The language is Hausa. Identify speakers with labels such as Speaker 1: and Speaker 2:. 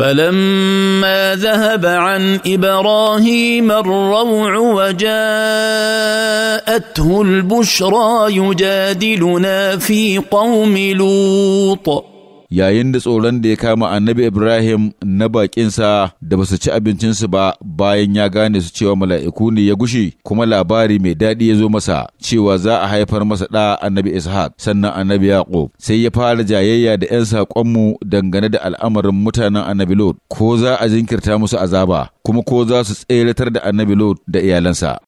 Speaker 1: فلما ذهب عن ابراهيم الروع وجاءته البشرى يجادلنا
Speaker 2: في قوم لوط
Speaker 3: yayin da tsoron da ya kama annabi Ibrahim na bakinsa da ba su ci abincinsu ba bayan ya gane su cewa mala'iku ne ya gushi kuma labari mai daɗi ya zo masa cewa za a haifar masa ɗa annabi Ishaq sannan annabi Yaƙub sai ya fara jayayya da ‘yan saƙonmu dangane da al'amarin mutanen annabi Lot ko za a jinkirta musu azaba kuma ko za su tseratar da annabi Lot da
Speaker 4: iyalansa.